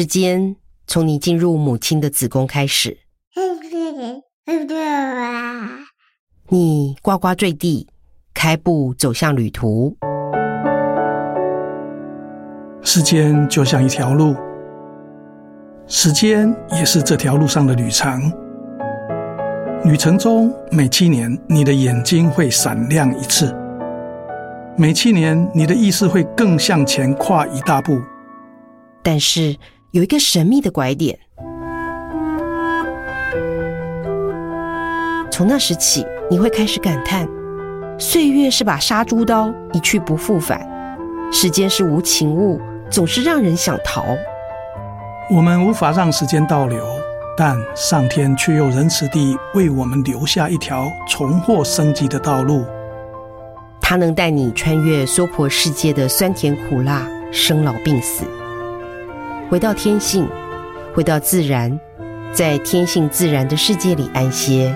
時間從你進入母親的子宮開始，你呱呱墜地，開步走向旅途。時間就像一條路，時間也是這條路上的旅程。旅程中每七年，你的眼睛會閃亮一次；每七年，你的意識會更向前跨一大步。但是。有一個神秘的拐點，從那時起，你會開始感嘆：歲月是把殺豬刀，一去不復返；時間是無情物，總是讓人想逃。我們無法讓時間倒流，但上天卻又仁慈地為我們留下一條重獲生機的道路。它能帶你穿越娑婆世界的酸甜苦辣、生老病死。回到天性，回到自然，在天性自然的世界裡安歇。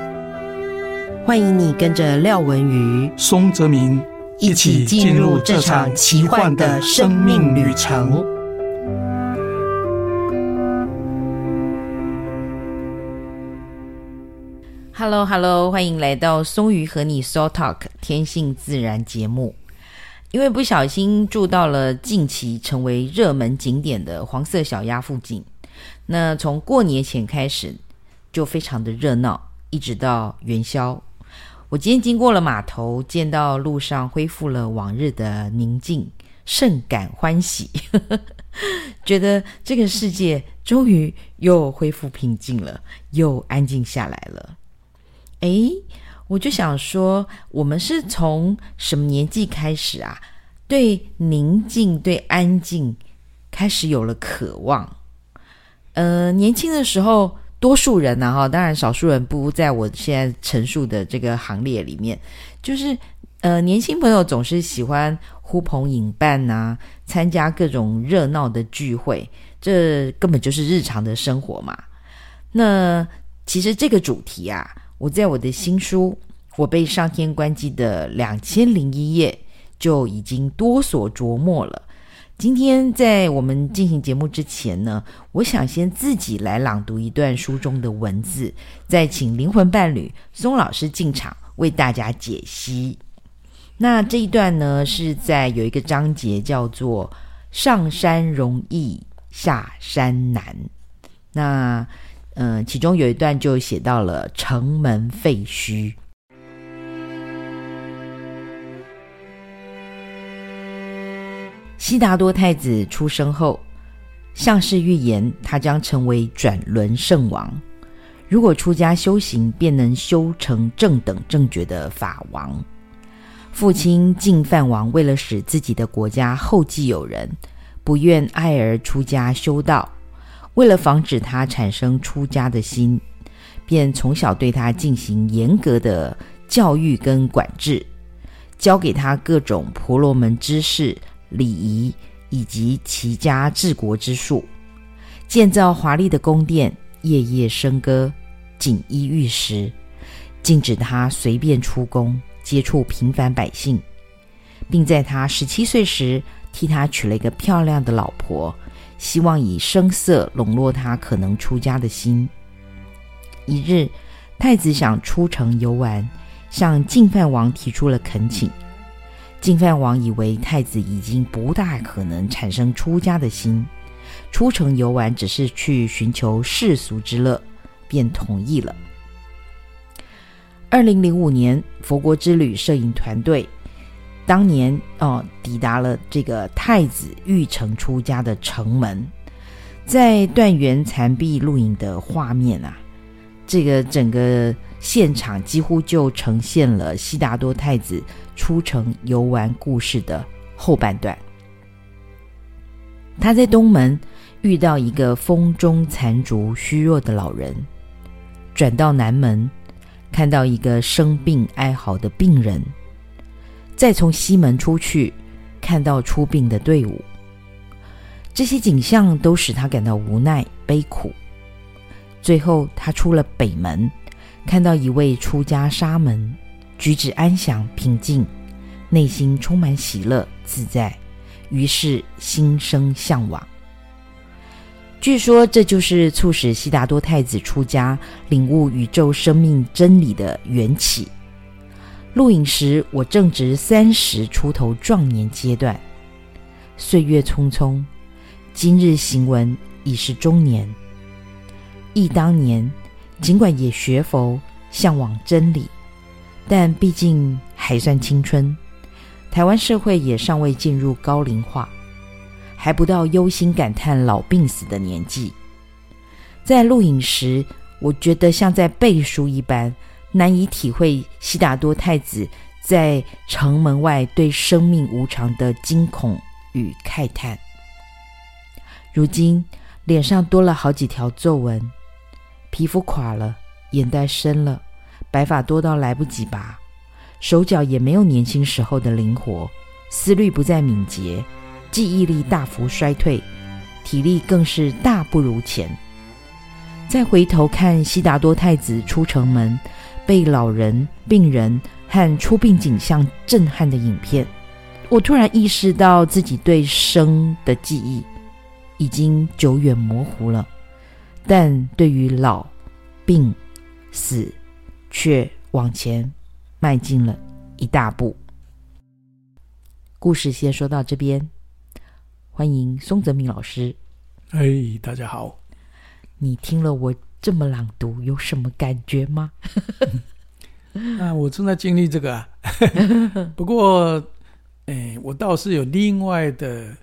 歡迎你跟着廖文瑜、松澤明一起進入這場奇幻的生命旅程。Hello，Hello， hello, 歡迎來到松瑜和你 Soul Talk 天性自然節目。因為不小心住到了近期成為熱門景點的黃色小鴨附近，那從過年前開始就非常的熱鬧，一直到元宵。我今天經過了碼頭，見到路上恢復了往日的寧靜，甚感歡喜， 覺得這個世界終於又恢復平靜了，又安靜下來了。誒。我就想說，我們是從什麼年紀開始啊？對寧靜、對安靜，開始有了渴望。呃，年輕的時候，多數人啊，哈，當然少數人不在我現在陳述的這個行列裡面。就是，呃，年輕朋友總是喜歡呼朋引伴吶，啊，參加各種熱鬧的聚會，這根本就是日常的生活嘛。那其實這個主題啊。我在我的新書《我被上天關機的兩千零一夜》就已經多所琢磨了。今天在我們進行節目之前呢，我想先自己來朗讀一段書中的文字，再請靈魂伴侶松老師進場為大家解析。那這一段呢，是在有一個章節叫做“上山容易下山難”。那嗯，其中有一段就寫到了城門廢墟。悉達多太子出生後，相師預言他將成為轉輪聖王。如果出家修行，便能修成正等正覺的法王。父親淨飯王為了使自己的國家後繼有人，不願愛兒出家修道。為了防止他產生出家的心，便從小對他進行嚴格的教育跟管制，教給他各種婆羅門知識、禮儀以及齊家治國之術，建造華麗的宮殿，夜夜笙歌，錦衣玉食，禁止他隨便出宮接觸平凡百姓，並在他十七歲時替他娶了一個漂亮的老婆。希望以聲色籠絡他可能出家的心。一日，太子想出城遊玩，向淨飯王提出了懇請。淨飯王以為太子已經不大可能產生出家的心，出城遊玩只是去尋求世俗之樂，便同意了。二零零五年，佛國之旅攝影團隊。當年哦，抵達了這個太子逾城出家的城門，在斷垣殘壁錄影的畫面啊，這個整個現場幾乎就呈現了悉達多太子出城遊玩故事的後半段。他在東門遇到一個風中殘燭、虛弱的老人，轉到南門看到一個生病哀嚎的病人。再從西門出去，看到出殯的隊伍，這些景象都使他感到無奈悲苦。最後，他出了北門，看到一位出家沙門，舉止安詳平靜，內心充滿喜樂自在，於是心生嚮往。據說，這就是促使悉達多太子出家、領悟宇宙生命真理的緣起。錄影時，我正值三十出頭壯年階段，歲月匆匆，今日行文已是中年。憶當年，儘管也學佛、嚮往真理，但畢竟還算青春。台灣社會也尚未進入高齡化，還不到憂心感嘆老病死的年紀。在錄影時，我覺得像在背書一般。難以體會悉達多太子在城門外對生命無常的驚恐與慨嘆。如今臉上多了好幾條皺紋，皮膚垮了，眼袋深了，白髮多到來不及拔，手腳也沒有年輕時候的靈活，思慮不再敏捷，記憶力大幅衰退，體力更是大不如前。再回頭看悉達多太子出城門被老人、病人和出殯景象震撼的影片，我突然意識到自己對生的記憶已經久遠模糊了，但對於老、病、死，卻往前邁進了一大步。故事先說到這邊，歡迎松澤明老師。嗨，大家好。你聽了我。這麼朗讀有什麼感覺嗎？ 我正在經歷這個、啊，不過，哎，我倒是有另外的，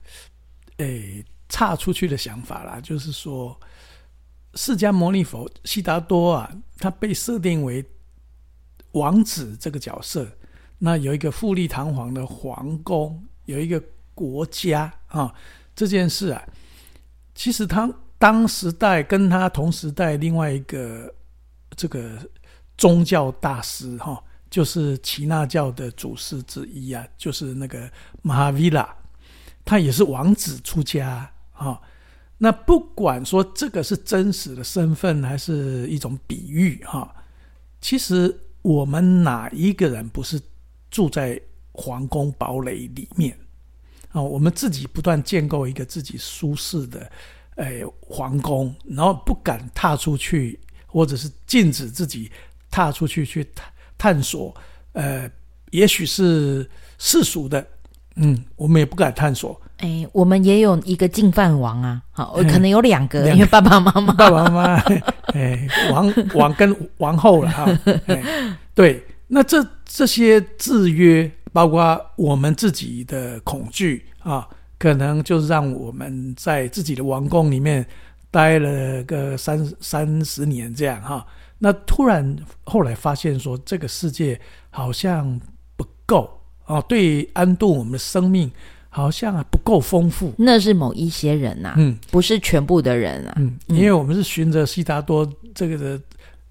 哎，岔出去的想法啦，就是說，釋迦牟尼佛悉達多啊，他被設定為王子這個角色，那有一個富麗堂皇的皇宮，有一個國家啊，這件事啊，其實他當時代跟他同時代另外一個這個宗教大師哈，就是耆那教的祖師之一啊，就是那個馬哈維拉，他也是王子出家啊。那不管說這個是真實的身份還是一種比喻哈，其實我們哪一個人不是住在皇宮堡壘裡面啊？我們自己不斷建構一個自己舒適的。哎，皇宮，然後不敢踏出去，或者是禁止自己踏出去去探探索。呃，也許是世俗的，嗯，我們也不敢探索。哎，我們也有一個淨飯王啊，好，哎、可能有兩個，因為爸爸媽媽，爸爸媽媽，哎，王王跟王后了哈、啊 哎。對，那這這些制約，包括我們自己的恐懼啊。可能就是讓我們在自己的王宮裡面待了個三三十年這樣哈，那突然後來發現說這個世界好像不夠哦，對安頓我們的生命好像不夠豐富。那是某一些人吶、啊，嗯，不是全部的人啊，嗯，因為我們是循着悉達多這個的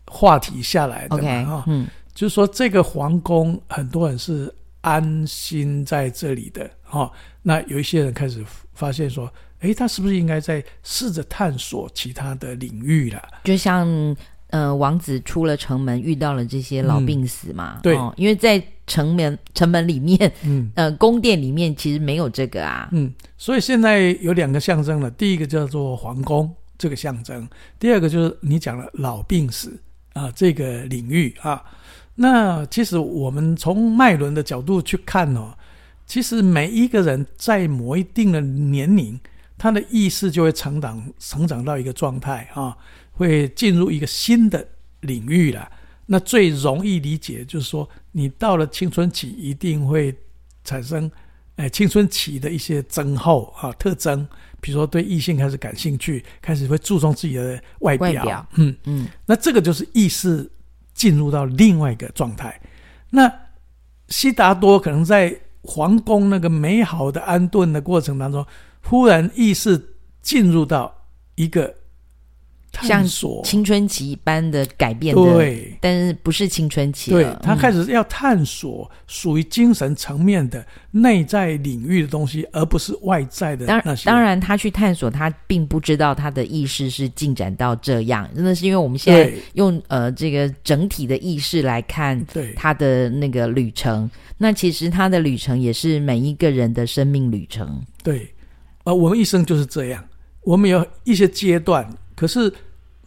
話題下來的嘛，okay, 嗯，就是說這個皇宮，很多人是。安心在這裡的、哦、那有一些人開始發現說，哎，他是不是應該在試着探索其他的領域了？就像，呃，王子出了城門，遇到了這些老、病、死嘛，嗯、對、哦，因為在城門、城門裡面，嗯，呃，宮殿裡面其實沒有這個啊，嗯，所以現在有兩個象徵了，第一個叫做皇宮這個象徵，第二個就是你講了老病死、呃、這個領域啊。那其實我們從脈輪的角度去看哦，其實每一個人在某一定的年齡，他的意識就會成長，成長到一個狀態啊、哦，會進入一個新的領域了。那最容易理解就是說，你到了青春期，一定會產生哎青春期的一些增厚啊、哦、特徵，比如說對異性開始感興趣，開始會注重自己的外表，嗯外表嗯，嗯那這個就是意識。進入到另外一個狀態，那悉達多可能在皇宮那個美好的安頓的過程當中，忽然意識進入到一個。探索青春期一般的改變的，對，但是不是青春期，對，他開始要探索屬於精神層面的內在領域的東西，而不是外在的那些。當當然，當然他去探索，他並不知道他的意識是進展到這樣。真的是因為我們現在用對呃這個整體的意識來看他的那個旅程，對那其實他的旅程也是每一個人的生命旅程。對，啊、呃，我們一生就是這樣。我們有一些階段，可是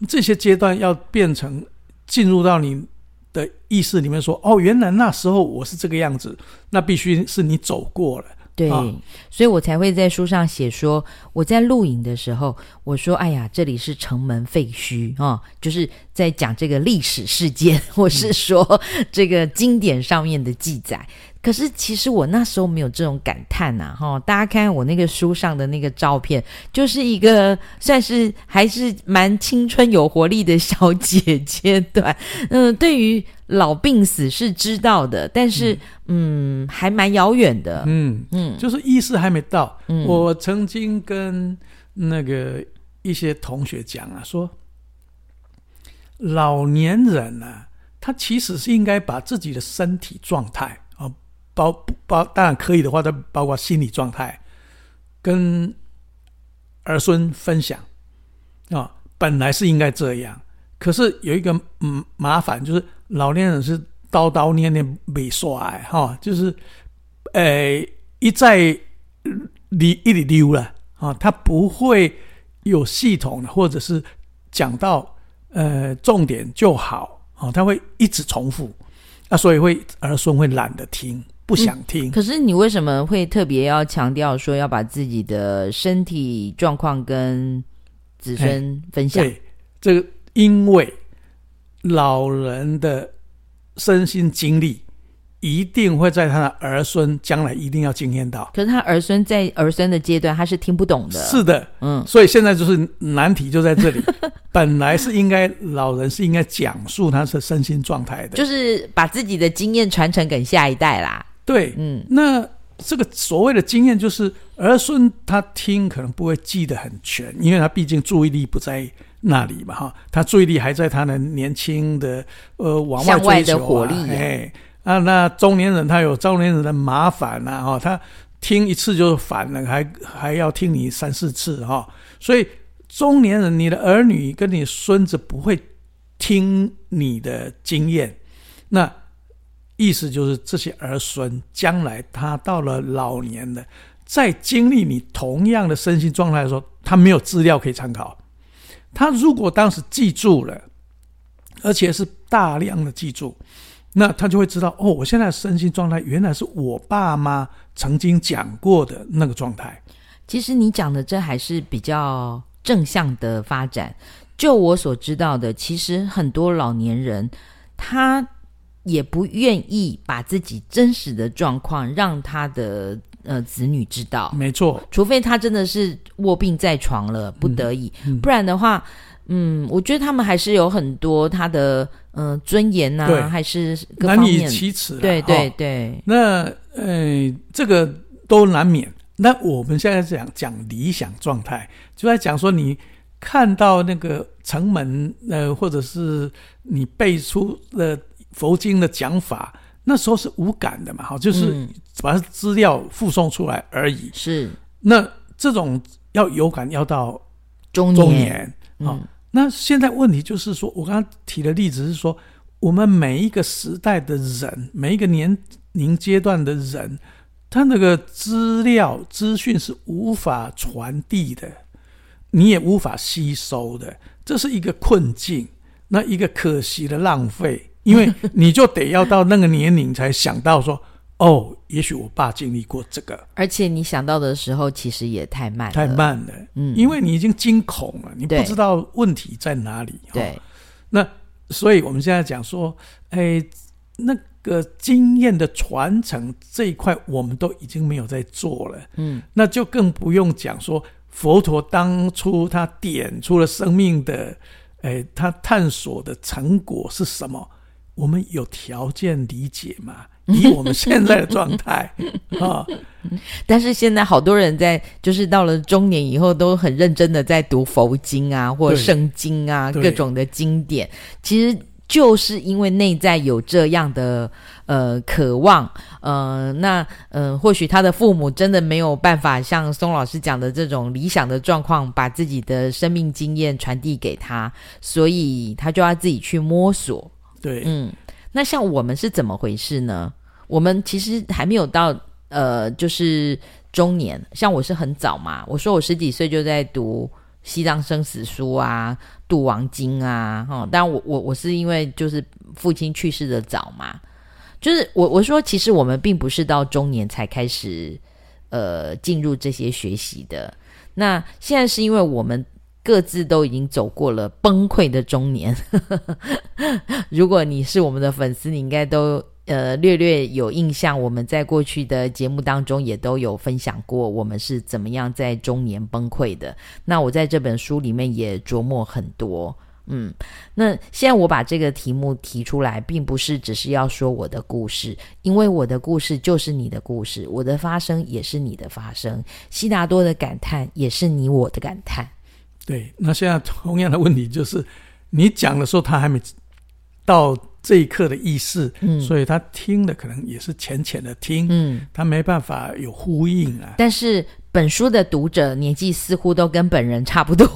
這些階段要變成進入到你的意識裡面，說：“哦，原來那時候我是這個樣子。”那必須是你走過了。對，哦，所以我才會在書上寫說：“我在錄影的時候，我說：‘哎呀，這裡是城門廢墟啊，哦！’就是在講這個歷史事件，或是說這個經典上面的記載。”嗯可是其實我那時候沒有這種感嘆吶，哈！大家看看我那個書上的那個照片，就是一個算是還是蠻青春有活力的小姐姐，對。嗯，對於老病死是知道的，但是嗯，嗯，還蠻遙遠的。嗯嗯，就是意識還沒到。嗯、我曾經跟那個一些同學講啊，說老年人呢、啊，他其實是應該把自己的身體狀態。包包？當然可以的話，再包括心理狀態，跟兒孫分享啊、哦。本來是應該這樣，可是有一個嗯麻煩，就是老年人是叨叨念念沒說完，哈、哦，就是誒一再一溜了啊、哦，他不會有系統的，或者是講到呃重點就好啊、哦，他會一直重複，那所以會，兒孫會懶得聽。不想聽、嗯，可是你為什麼會特別要強調說要把自己的身體狀況跟子孫分享？對，這個因為老人的身心經歷一定會在他的兒孫將來一定要經驗到。可是他兒孫在兒孫的階段，他是聽不懂的。是的，嗯，所以現在就是難題就在這裡。 本來是應該老人是應該講述他是身心狀態的，就是把自己的經驗傳承給下一代啦。對，嗯，那這個所謂的經驗，就是兒孫他聽可能不會記得很全，因為他畢竟注意力不在那裡嘛，哈，他注意力還在他的年輕的呃往外追求、啊、向外的火力，哎，啊，那中年人他有中年人的麻煩吶，哈，他聽一次就煩了，還還要聽你三四次哈，所以中年人你的兒女跟你孫子不會聽你的經驗，那。意思就是，這些兒孫將來他到了老年的，在經歷你同樣的身心狀態的時候，他沒有資料可以參考。他如果當時記住了，而且是大量的記住，那他就會知道哦，我現在的身心狀態原來是我爸媽曾經講過的那個狀態。其實你講的這還是比較正向的發展。就我所知道的，其實很多老年人他。也不願意把自己真實的狀況讓他的呃子女知道，沒錯錯，除非他真的是臥病在床了，嗯、不得已，嗯、不然的話，嗯，我覺得他們還是有很多他的呃尊嚴吶、啊，對還是難以啟齒、啊。對對對。哦、那呃，這個都難免。那我們現在講講理想狀態，就在講說你看到那個城門，呃，或者是你背出了。佛經的講法，那時候是無感的嘛，哈，就是把資料附送出來而已。嗯、是。那這種要有感，要到中年，中年、嗯。哦，那現在問題就是說，我剛剛提的例子是說，我們每一個時代的人，每一個年齡階段的人，他那個資料資訊是無法傳遞的，你也無法吸收的，這是一個困境，那一個可惜的浪費。 因為你就得要到那個年齡才想到說，哦，也許我爸經歷過這個。而且你想到的時候，其實也太慢了，太慢了。嗯，因為你已經驚恐了，對你不知道問題在哪裡，哦。對，那所以我們現在講說，哎、欸，那個經驗的傳承這一塊，我們都已經沒有在做了。嗯，那就更不用講說，佛陀當初他點出了生命的，哎、欸，他探索的成果是什麼？我們有條件理解嗎？以我們現在的狀態啊， 哦、但是現在好多人在，就是到了中年以後，都很認真的在讀佛經啊，或聖經啊，對各種的經典，對其實就是因為內在有這樣的呃渴望，呃，那呃，或許他的父母真的沒有辦法像松老師講的這種理想的狀況，把自己的生命經驗傳遞給他，所以他就要自己去摸索。對，嗯，那像我們是怎麼回事呢？我們其實還沒有到呃，就是中年。像我是很早嘛，我說我十幾歲就在讀西藏生死書啊、度亡經啊，哈、哦。但我我我是因為就是父親去世的早嘛，就是我我說其實我們並不是到中年才開始呃進入這些學習的。那現在是因為我們。各自都已經走過了崩潰的中年。 如果你是我們的粉絲，你應該都呃略略有印象。我們在過去的節目當中也都有分享過，我們是怎麼樣在中年崩潰的。那我在這本書裡面也琢磨很多。嗯，那現在我把這個題目提出來，並不是只是要說我的故事，因為我的故事就是你的故事，我的發生也是你的發生。悉達多的感嘆也是你我的感嘆。對，那現在同樣的問題就是，你講的時候他還沒到這一刻的意思，嗯，所以他聽的可能也是淺淺的聽，嗯，他沒辦法有呼應啊。但是本書的讀者年紀似乎都跟本人差不多，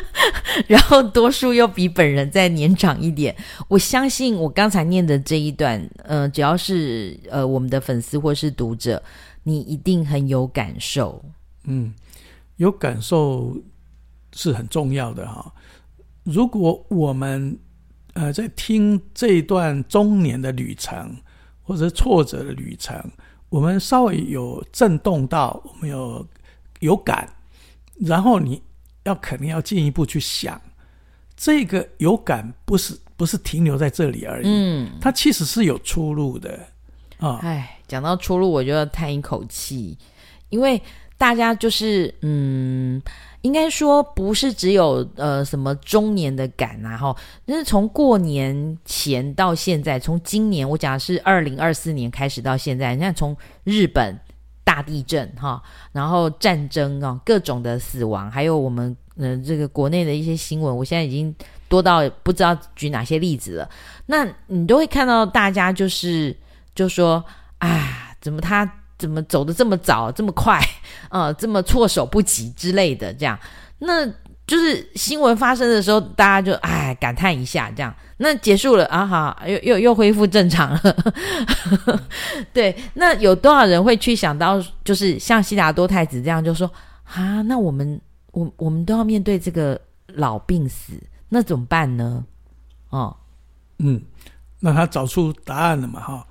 然後多數又比本人再年長一點。我相信我剛才念的這一段，嗯、呃，只要是呃我們的粉絲或是讀者，你一定很有感受。嗯，有感受。是很重要的哈，哦。如果我們呃在聽這一段中年的旅程，或者挫折的旅程，我們稍微有震動到，我們有有感，然後你要肯定要進一步去想，這個有感不是不是停留在這裡而已，嗯，它其實是有出路的啊。哦，唉，講到出路，我就要嘆一口氣，因為。大家就是，嗯，應該說不是只有呃什麼中年的感啊，然後就是從過年前到現在，從今年我講的是二零二四年開始到現在，你看從日本大地震哈，然後戰爭啊，各種的死亡，還有我們呃這個國內的一些新聞，我現在已經多到不知道舉哪些例子了。那你都會看到大家就是就說啊，怎麼他？怎麼走的這麼早，這麼快，呃，這麼措手不及之類的，這樣，那就是新聞發生的時候，大家就哎感嘆一下，這樣，那結束了啊，哈，又又又恢復正常了， 對，那有多少人會去想到，就是像悉達多太子這樣，就說啊，那我們我我們都要面對這個老病死，那怎麼辦呢？哦，嗯，那他找出答案了嘛，哈。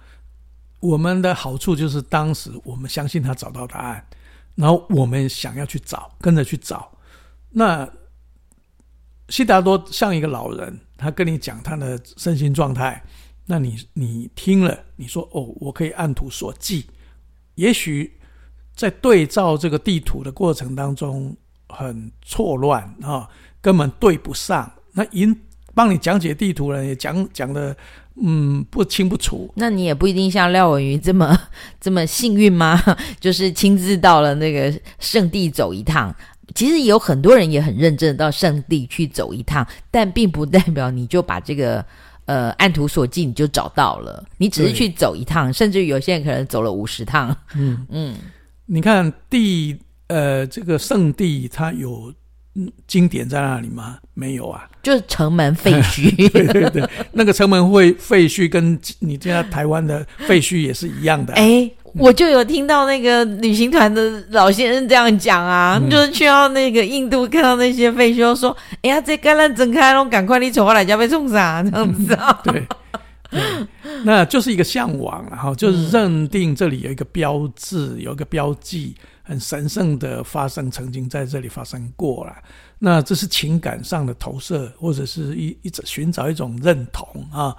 我們的好處就是，當時我們相信他找到答案，然後我們想要去找，跟着去找。那悉達多像一個老人，他跟你講他的身心狀態，那你你聽了，你說哦，我可以按圖索驥。也許在對照這個地圖的過程當中，很錯亂啊、哦，根本對不上。那引幫你講解地圖人也講講的。嗯，不清不楚。那你也不一定像廖文瑜這麼這麼幸運嗎？就是親自到了那個聖地走一趟。其實有很多人也很認真的到聖地去走一趟，但並不代表你就把這個呃按圖索驥你就找到了。你只是去走一趟，對甚至有些人可能走了五十趟。嗯嗯，嗯你看地呃這個聖地它有，經典在哪裡嗎？沒有啊，就是城門廢墟、嗯。對對對， 那個城門會廢墟跟你現在台灣的廢墟也是一樣的、啊。哎、欸，我就有聽到那個旅行團的老先生這樣講啊，嗯、就是去到那個印度看到那些廢墟，說：“哎呀、嗯欸啊，這橄欖整開了，趕快你衝過來要，要被衝殺這樣子啊。知道對”對，那就是一個向往、啊，然後就是認定這裡有一個標誌，嗯、有一個標記。很神聖的發生，曾經在這裡發生過了。那這是情感上的投射，或者是一一直尋找一種認同啊。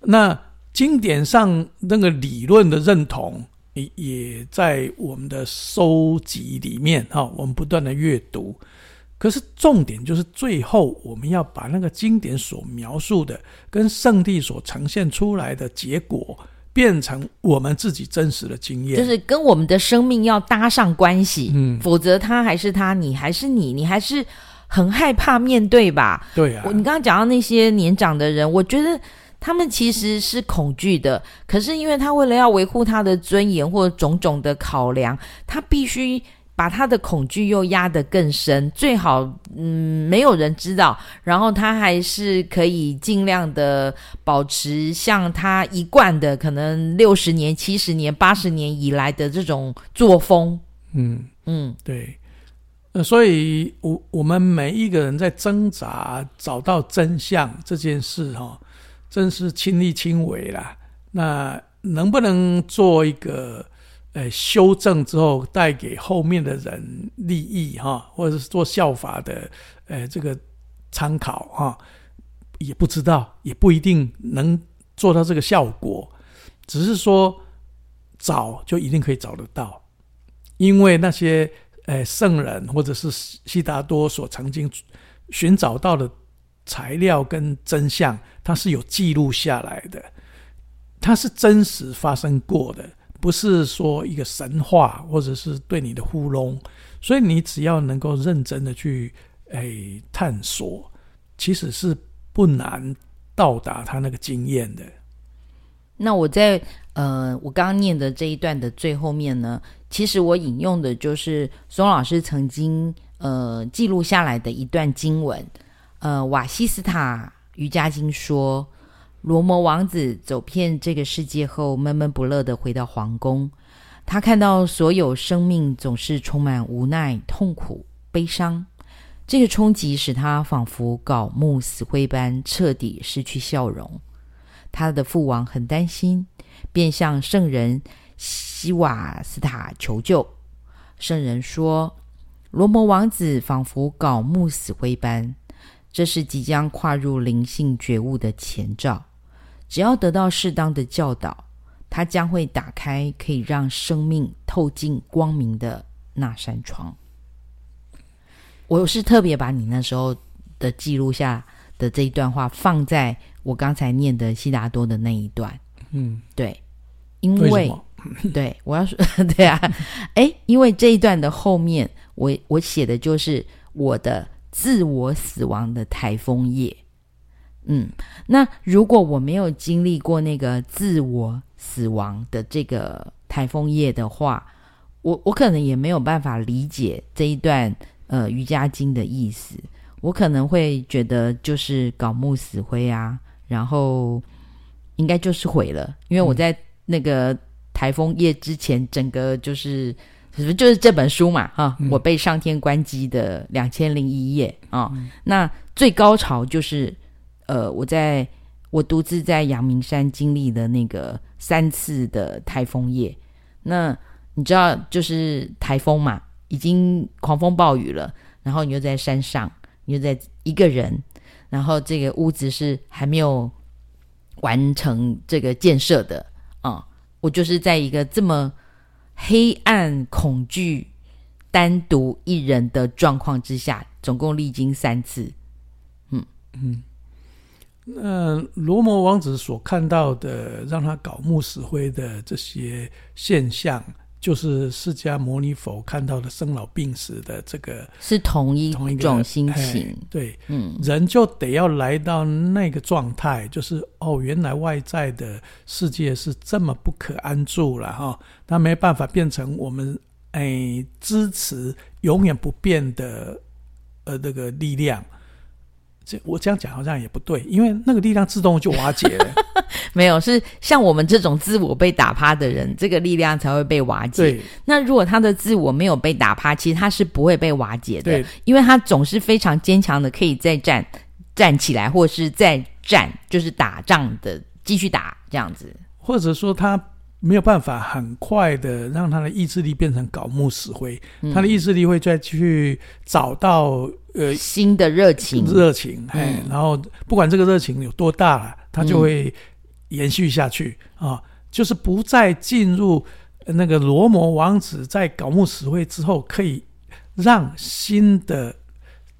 那經典上那個理論的認同也也在我們的收集裡面哈、啊。我們不斷的閱讀，可是重點就是最後我們要把那個經典所描述的跟聖地所呈現出來的結果，變成我們自己真實的經驗，就是跟我們的生命要搭上關係，嗯、否則他還是他，你還是你，你還是很害怕面對吧？對啊，你剛剛講到那些年長的人，我覺得他們其實是恐懼的，嗯、可是因為他為了要維護他的尊嚴或種種的考量，他必須。把他的恐懼又壓得更深，最好，嗯，沒有人知道，然後他還是可以盡量的保持像他一貫的可能六十年、七十年、八十年以來的這種作風。嗯嗯，嗯，對。呃，所以我我們每一個人在掙扎找到真相這件事哦，哈，真是親力親為啦。那能不能做一個，呃，修正之後帶給後面的人利益哈，或者是做效法的，呃，這個參考哈，也不知道，也不一定能做到這個效果。只是說找就一定可以找得到，因為那些呃聖人或者是悉達多所曾經尋找到的材料跟真相，它是有記錄下來的，它是真實發生過的。不是說一個神話，或者是對你的糊弄，所以你只要能夠認真的去誒、哎、探索，其實是不難到達他那個經驗的。那我在呃，我剛剛念的這一段的最後面呢，其實我引用的就是松老師曾經呃記錄下來的一段經文，呃，《瓦西斯塔瑜伽經》說。羅摩王子走遍這個世界後，悶悶不樂地回到皇宮。他看到所有生命總是充滿無奈、痛苦、悲傷，這個衝擊使他仿佛槁木死灰般，徹底失去笑容。他的父王很擔心，便向聖人希瓦斯塔求救。聖人說：“羅摩王子仿佛槁木死灰般，這是即將跨入靈性覺悟的前兆。”只要得到適當的教導，它將會打開可以讓生命透進光明的那扇窗。我是特別把你那時候的記錄下的這一段話放在我剛才念的悉達多的那一段。嗯，對，因為，為什麼？ 對，我要說對啊，哎，因為這一段的後面，我我寫的就是我的自我死亡的台風夜。嗯，那如果我沒有經歷過那個自我死亡的這個颱風夜的話，我我可能也沒有辦法理解這一段呃《瑜伽經》的意思。我可能會覺得就是槁木死灰啊，然後應該就是毀了。因為我在那個颱風夜之前，嗯、整個就是就是這本書嘛，哈、啊，嗯、我被上天關機的兩千零一夜啊，嗯、那最高潮就是。呃，我在我獨自在陽明山經歷的那個三次的颱風夜。那你知道，就是颱風嘛，已經狂風暴雨了。然後你又在山上，你又在一個人，然後這個屋子是還沒有完成這個建設的啊。我就是在一個這麼黑暗、恐懼、單獨一人的狀況之下，總共歷經三次。嗯嗯。那羅、呃、摩王子所看到的，讓他槁木死灰的這些現象，就是釋迦牟尼佛看到的生老病死的這個是同一，同一種心情。欸、對，嗯，人就得要來到那個狀態，就是哦，原來外在的世界是這麼不可安住了哈，他沒辦法變成我們誒、欸、支持永遠不變的呃那、這個力量。這我這樣講好像也不對，因為那個力量自動就瓦解了。 沒有，是像我們這種自我被打趴的人，這個力量才會被瓦解。對那如果他的自我沒有被打趴，其實他是不會被瓦解的，對因為他總是非常堅強的，可以再站站起來，或是再站，就是打仗的，繼續打這樣子。或者說他。沒有辦法很快的讓他的意志力變成槁木死灰。嗯、他的意志力會再去找到呃新的熱情，熱情、嗯、然後不管這個熱情有多大了，他就會延續下去、嗯啊、就是不再進入那個羅摩王子在槁木死灰之後可以讓新的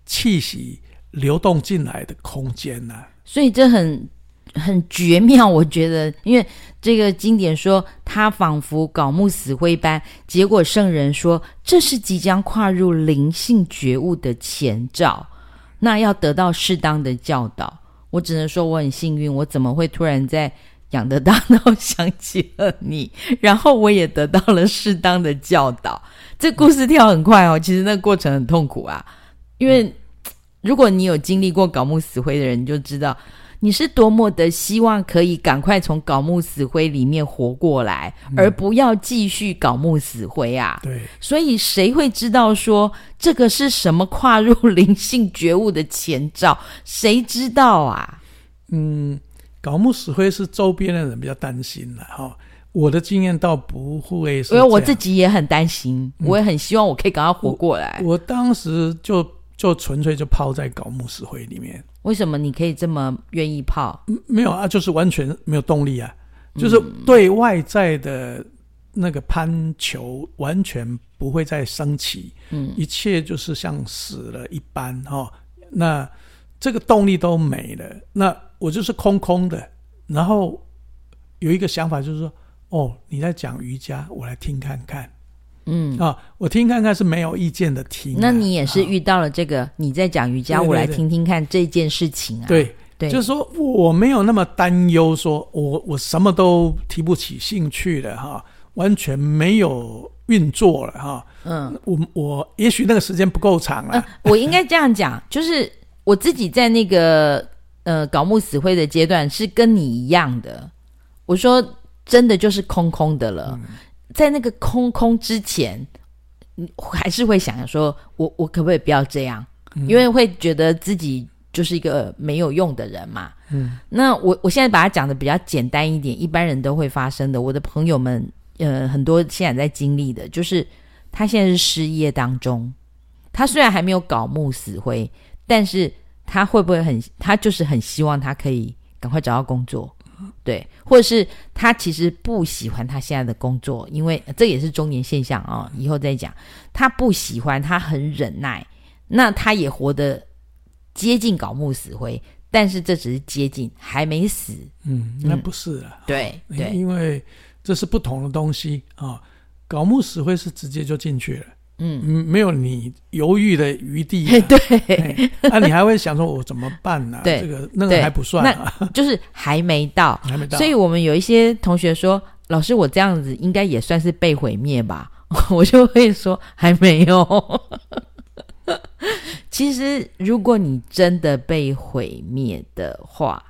氣息流動進來的空間。啊、所以這很很絕妙，我覺得，因為。這個經典說，他仿佛槁木死灰般，結果聖人說，這是即將跨入靈性覺悟的前兆。那要得到適當的教導，我只能說我很幸運。我怎麼會突然在仰德大道想起了你？然後我也得到了適當的教導。這故事跳很快哦，其實那過程很痛苦啊，因為如果你有經歷過槁木死灰的人，你就知道。你是多麼的希望可以趕快從槁木死灰裡面活過來，嗯、而不要繼續槁木死灰啊！對，所以誰會知道說這個是什麼跨入靈性覺悟的前兆？誰知道啊？嗯，槁木死灰是周邊的人比較擔心了哈、哦。我的經驗倒不會是，因為我自己也很擔心，我也很希望我可以趕快活過來。嗯、我，我當時就就純粹就泡在槁木死灰裡面。為什麼你可以這麼願意泡？沒有啊，就是完全沒有動力啊，就是對外在的那個攀求完全不會再升起，嗯，一切就是像死了一般哈、哦。那這個動力都沒了，那我就是空空的。然後有一個想法就是說，哦，你在講瑜伽，我來聽看看。嗯啊，我聽看看是沒有意見的題，那你也是遇到了這個？啊、你在講瑜伽，啊、對對對，我來聽聽看這件事情啊。對，對，就是說我沒有那麼擔憂，說我我什麼都提不起興趣了哈、啊，完全沒有運作了哈。啊、嗯，我我也許那個時間不夠長了。嗯呃、我應該這樣講， 就是我自己在那個呃槁木死灰的階段是跟你一樣的，我說真的就是空空的了。嗯在那個空空之前，你還是會想，想說，我我可不可以不要這樣？嗯，因為會覺得自己就是一個沒有用的人嘛。嗯，那我我現在把它講的比較簡單一點，一般人都會發生的。我的朋友們，呃，很多現在在經歷的就是他現在是失業當中，他雖然還沒有槁木死灰，但是他會不會很，他就是很希望他可以趕快找到工作。對，或者是他其實不喜歡他現在的工作，因為這也是中年現象啊、哦。以後再講，他不喜歡，他很忍耐，那他也活得接近槁木死灰，但是這只是接近，還沒死。嗯，嗯那不是、嗯對，對對，因為這是不同的東西啊。槁木死灰是直接就進去了。嗯，沒有你猶豫的餘地、啊。對，那、啊、你還會想說我怎麼辦呢、啊？對，這個那個對還不算啊那，就是還沒到，還沒到。所以我們有一些同學說：“老師，我這樣子應該也算是被毀滅吧？” 我就會說：“還沒有。 ”其實，如果你真的被毀滅的話，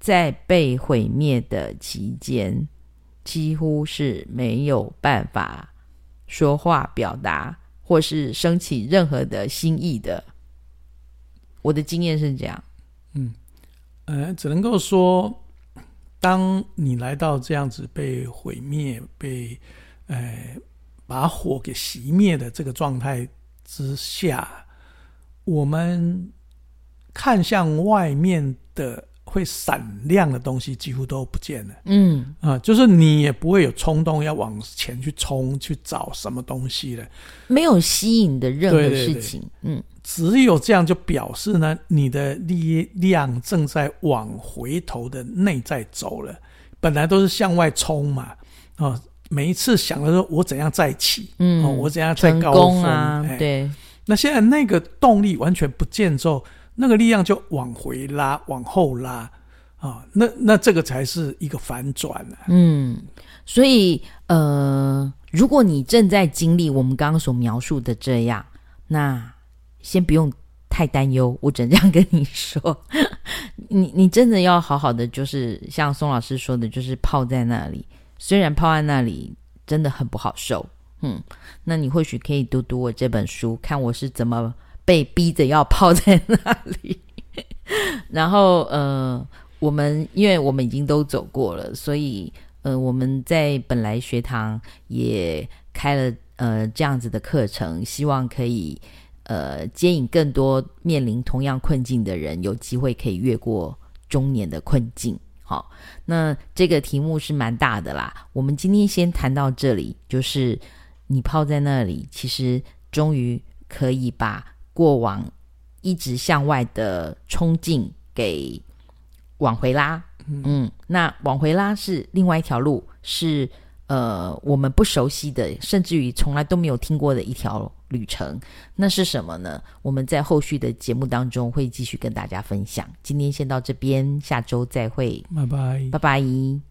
在被毀滅的期間，幾乎是沒有辦法。說話、表達，或是升起任何的心意的，我的經驗是這樣。嗯，呃，只能夠說，當你來到這樣子被毀滅、被呃把火給熄滅的這個狀態之下，我們看向外面的，會閃亮的東西幾乎都不見了。嗯啊，就是你也不會有衝動要往前去衝去找什麼東西了，沒有吸引的任何事情。對對對，嗯，只有這樣就表示呢，你的力量正在往回頭的內在走了。本來都是向外衝嘛，啊，每一次想著說，我怎樣再起？嗯、啊，我怎樣再高峰啊？對、哎，那現在那個動力完全不見之後。那個力量就往回拉，往後拉，啊、哦，那那這個才是一個反轉、啊、嗯，所以呃，如果你正在經歷我們剛剛所描述的這樣，那先不用太擔憂。我只能這樣跟你說， 你你真的要好好的，就是像松老師說的，就是泡在那裡。雖然泡在那裡真的很不好受，嗯，那你或許可以讀讀我這本書，看我是怎麼。被逼着要泡在那裡， 然後呃，我們因為我們已經都走過了，所以呃，我們在本來學堂也開了呃這樣子的課程，希望可以呃接引更多面臨同樣困境的人，有機會可以越過中年的困境。好，那這個題目是蠻大的啦，我們今天先談到這裡，就是你泡在那裡，其實終於可以把。過往一直向外的衝勁給往回拉，嗯，那往回拉是另外一條路，是呃我們不熟悉的，甚至於從來都沒有聽過的一條旅程。那是什麼呢？我們在後續的節目當中會繼續跟大家分享。今天先到這邊，下週再會，拜拜，拜拜。